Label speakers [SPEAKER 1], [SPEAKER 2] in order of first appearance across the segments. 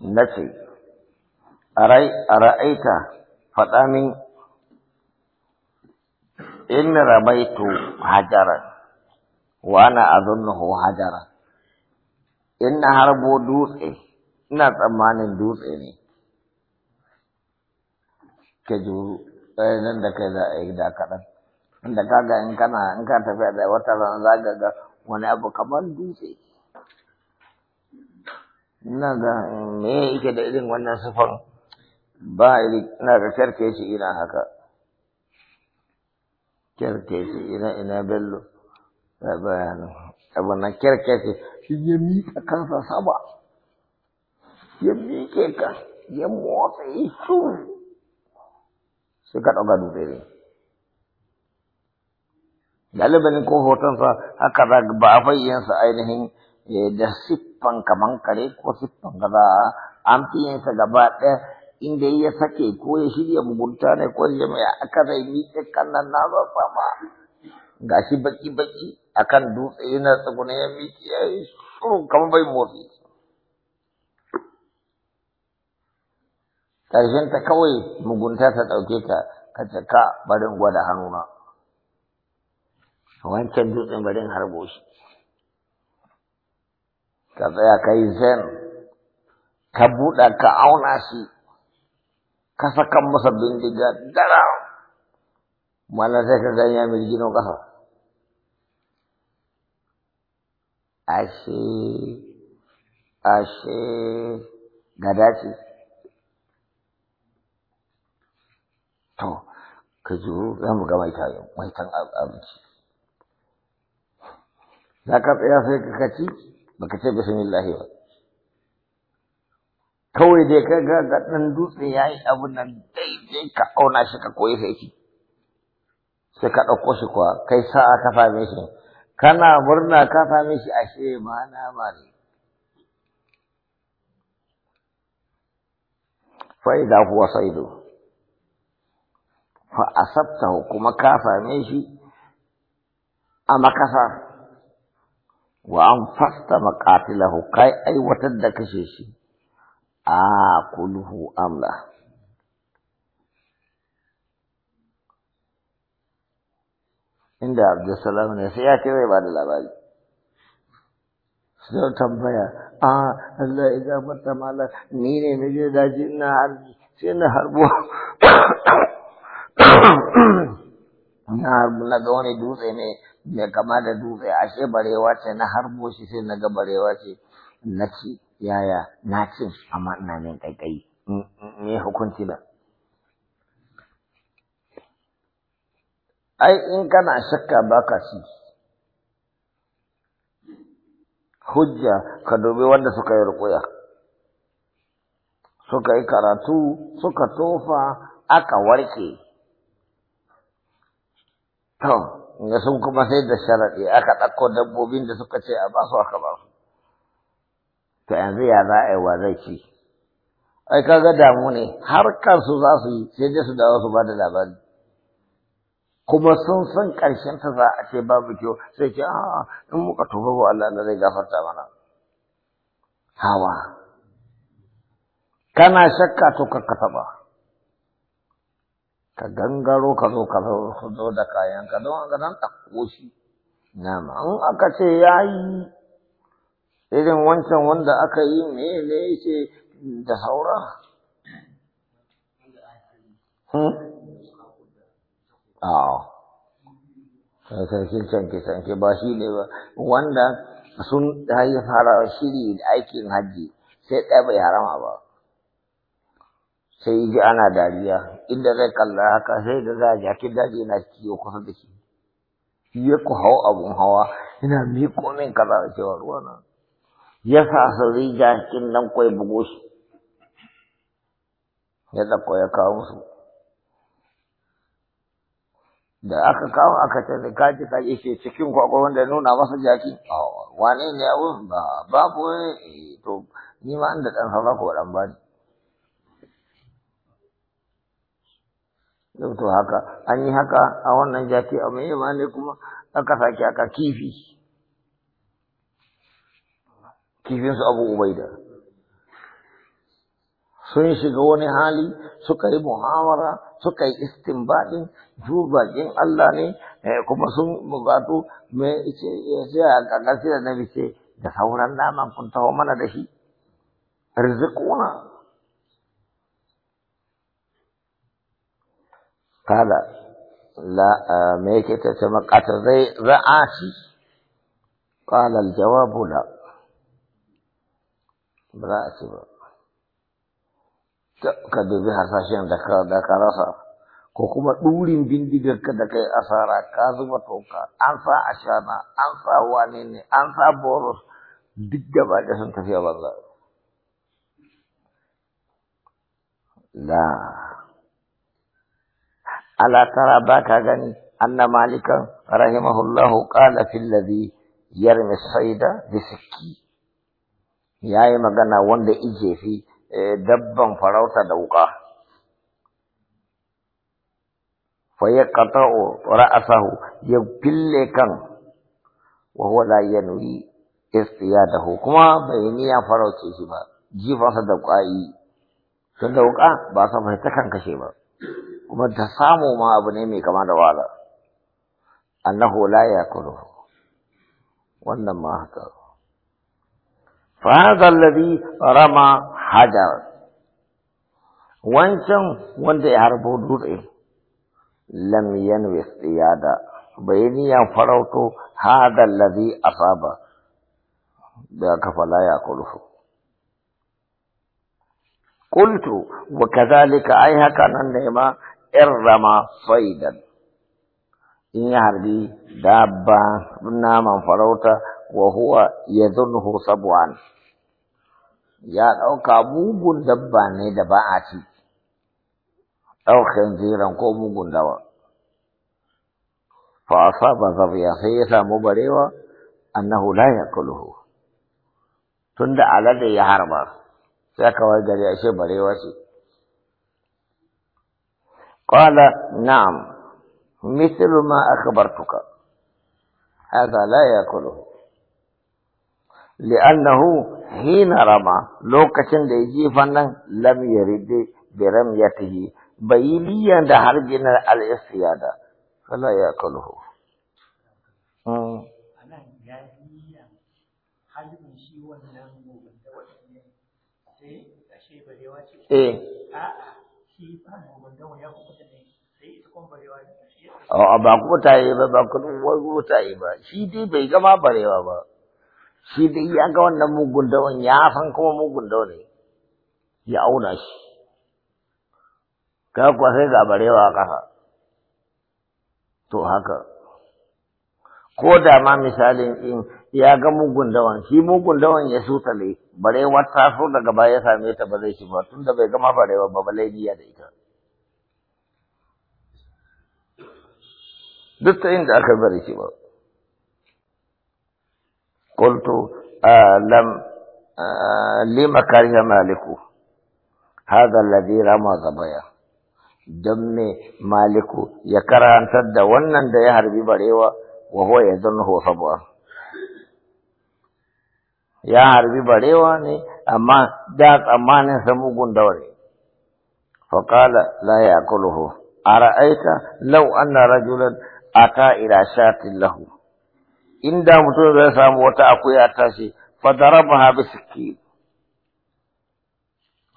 [SPEAKER 1] nace arai ra'aita faɗa min in ramaitu hajaran wa ana azunnuhu hajaran in na harbo dutse ina tsammanin dutse ne ke juru eh, nan da kai za a yi da kaɗan inda kaga in kana in ka tafiya da wata rana za ga wani abu kamar dutse ina ga me yake da irin wannan sifan ba ina ga kyarke shi ina haka kyarke shi ina ina bello bayanin abu na kyarke shi shi ya miƙa kansa saba ya miƙe ka ya motsa yi su sai ka ɗauka dutse ne galibin ko hotonsa haka ba a fayyansa ainihin eh, da sif siffan kaman kare ko siffan gaza an fi yin sa gaba ɗaya in dai ya sake ko ya shirya mugunta ne ko ya mai aka zai miƙe nan na ba fama ga shi baki baki akan dutse yana tsaguna ya miƙe ya yi shuru kamar bai motsi ƙarshen ta kawai mugunta ta ɗauke ka ka caka barin gwada hannuna wancan dutsen barin harbo shi ka tsaya ka yi zen ka buɗa ka auna shi ka saka masa bindiga dara mana sai ka ganya jino ƙasa ashe ashe gada ce to ka juro za mu ga maitan abinci za ka tsaya sai ka kaci baka ce bismillah ba kawai dai ka ga ga dan dutse yayi abu nan daidai ka auna shi ka koyi sai sai ka ɗauko shi kuwa kai sa'a ka same shi kana murna ka same shi ashe ma na mare fa'ida huwa saidu fa asabta kuma ka same shi a makasa وأنفست مقاتله كاي أي وتدك شيشي آكله أملا إن ده عبد السلام نسيا كيف يبان الله سيدو تنبايا آه الله إذا مرت مالك نيني مجيدا جنة عرض سينا هربوها na ga wani dutse ne mai kama da dutse ashe barewa ce na harbo shi sai na ga barewa ce na ci yaya na cin amma ina min kaikai mm, mm, me hukunci ba ai in kana shakka baka ci hujja ka dubi wanda suka yi rukuya suka yi karatu suka tofa aka warke To, ga sun kuma sai da sharaɗi aka ɗauko dabbobin da suka ce a basu aka basu. To yanzu ya za a yi wa zai ci. Ai kaga damu ne har kansu za su yi sai dai su dawo su ba da labari. Kuma sun san ƙarshen ta za a ce babu kyau sai ce a in muka tuba ba Allah na zai gafarta mana. Hawa. Kana shakka to ka ba. ka gangaro ka zo ka zo da ka don a nan ɗauko nama an aka ce ya yi irin wancan wanda aka yi me ne ce da saura hmm? a shi canke-canke ba shi ne ba wanda sun yi fara shiri aikin hajji sai ɗaya bai harama ba sai ji ana dariya inda zai kalla haka sai da za a jakin daji na kiyo kusa da shi ya ku hau abun hawa ina miko min kaza da cewa ruwa na ya sa zai jakin nan kwai bugo shi ya dako ya kawo musu da aka kawo aka ce da kaji kaji ke cikin kwakwai wanda ya nuna masa jaki wane ne ya wuce ba Ba babu ne. Eh, to ni ma inda ɗan hawa ko ɗan bani to haka an yi haka a wannan jaki a mai yaba ne kuma aka sake aka kifi kifinsu abu ubaida sun shiga wani hali suka yi muhawara suka yi istinbadin dubakin Allah ne eh, kuma sun bugatu mai ce ya a da na ce da sauran naman kun taho mana da shi rizikuna kala la me yake ta ce makatar zai ra'ati kala aljawabu la ba za a ce ba ka dubi hasashen da ka rasa ko kuma ɗurin bindigar ka da kai asara ka zuba toka an sa ashana an sa wane ne an sa boros duk da ba da sun tafiya banza la ala tara ba ka gani anna malikan rahimahullahu qala fil ladhi yarmi saida bi sikki yayi magana wanda ije fi dabban farauta da wuka fa yaqta'u ra'sahu ya fille kan wa huwa la yanwi istiyadahu kuma bai niyya farauce shi ba jifansa da kwayi tun da wuka ba sa fahimta kan kashe ba kuma da samu ma abu ne mai kama da wahala annahu la yakulu wannan ma haka fa hadha alladhi rama hajar wancan wanda ya harbo dutse lam yanwi istiyada bayani ya farauto hadha alladhi asaba da kafa la yakulu قلت wa kadhalika ai haka nan ma irrama faidan in ya harbi dabba naman farauta wa huwa ya zunhu sabu'an ya ɗauka mugun dabba ne da ba a ci ɗaukan jiran ko mugun dawa fa asaba zabiya sai ya samu barewa annahu la yakuluhu tunda alade ya harba sai kawai gari ashe barewa ce قال نعم مثل ما أخبرتك هذا لا يأكله لأنه حين رمى لو كشن ليجيفنا لم يرد برميته بيليا دهر جنا الاستيادة فلا يأكله Eh. ba kuma ta yi ba ba kudin wani ta yi ba shi dai bai gama barewa ba shi dai ya ga wannan mugun dawon ya san kuma mugun dawo ne ya auna shi ka kuwa sai ga barewa a ƙasa to haka ko da ma misalin in ya ga mugun dawan shi mugun dawan ya sutale barewar so daga baya same ta ba zai ci ba tunda bai gama barewa ba balai da ita دفت عند آخر بريكي بار قلت آه، لم آه، لما كره مالكو هذا الذي رمى ضبايا دم مالكو يكره أن تد ونن دهار ببريوا وهو يظن هو صبا يا عربي بريواني أما جاك أما نسمو قندوري فقال لا يأكله أرأيت لو أن رجلا aka ila shatin lahu inda mutum zai samu wata akuya ta shi fa darabaha bi sikki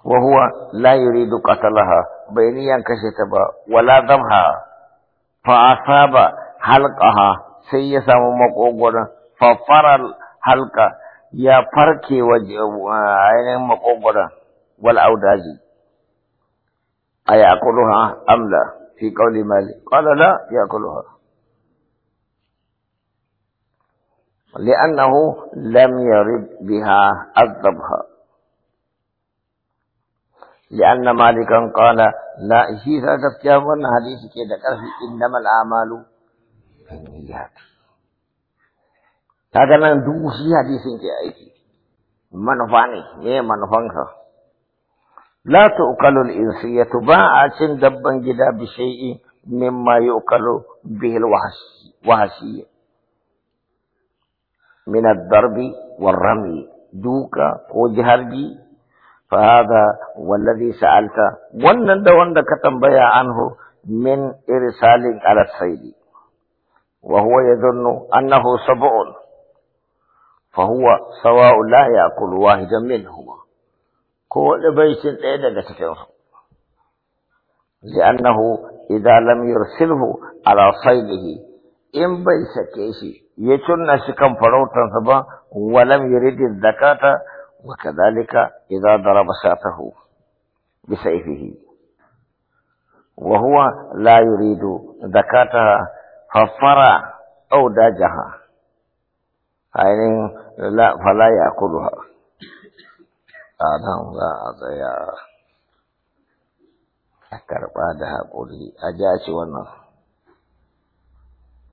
[SPEAKER 1] wa huwa la yuridu qatalaha bayni niyan kashe ta ba wala dhabha fa asaba halqaha sai ya samu makogoran fa faral halqa ya farke wa ainin makogoran wal audaji ayakuluha amla fi qawli malik qala la yakuluha لأنه لم يرد بها الذبح لأن مالكا قال لا إشي ساتف جامعنا حديث كي ذكر في إنما الأعمال بالنيات هذا من دوسي حديث كي أيتي من فاني مي من فانسا لا تؤكل الإنسية باعة دبا جدا بشيء مما يؤكل به الوحشي وحشي من الضرب والرمي دوكا وجهرجي فهذا والذي سألت ونن دون بيا عنه من إرسال على السيد وهو يظن أنه سبع فهو سواء لا يأكل واحدا منهما كل بيت إيدا كتفينه لأنه إذا لم يرسله على صيده إن كيشي ya cunna shi kan farautansa ba walam yurid zakata wa kadhalika idza daraba shatahu bi sayfihi wa huwa la yuridu zakata fafara aw dajaha ainin la fala yakuluha adam za a tsaya a karɓa da haƙuri a ji wannan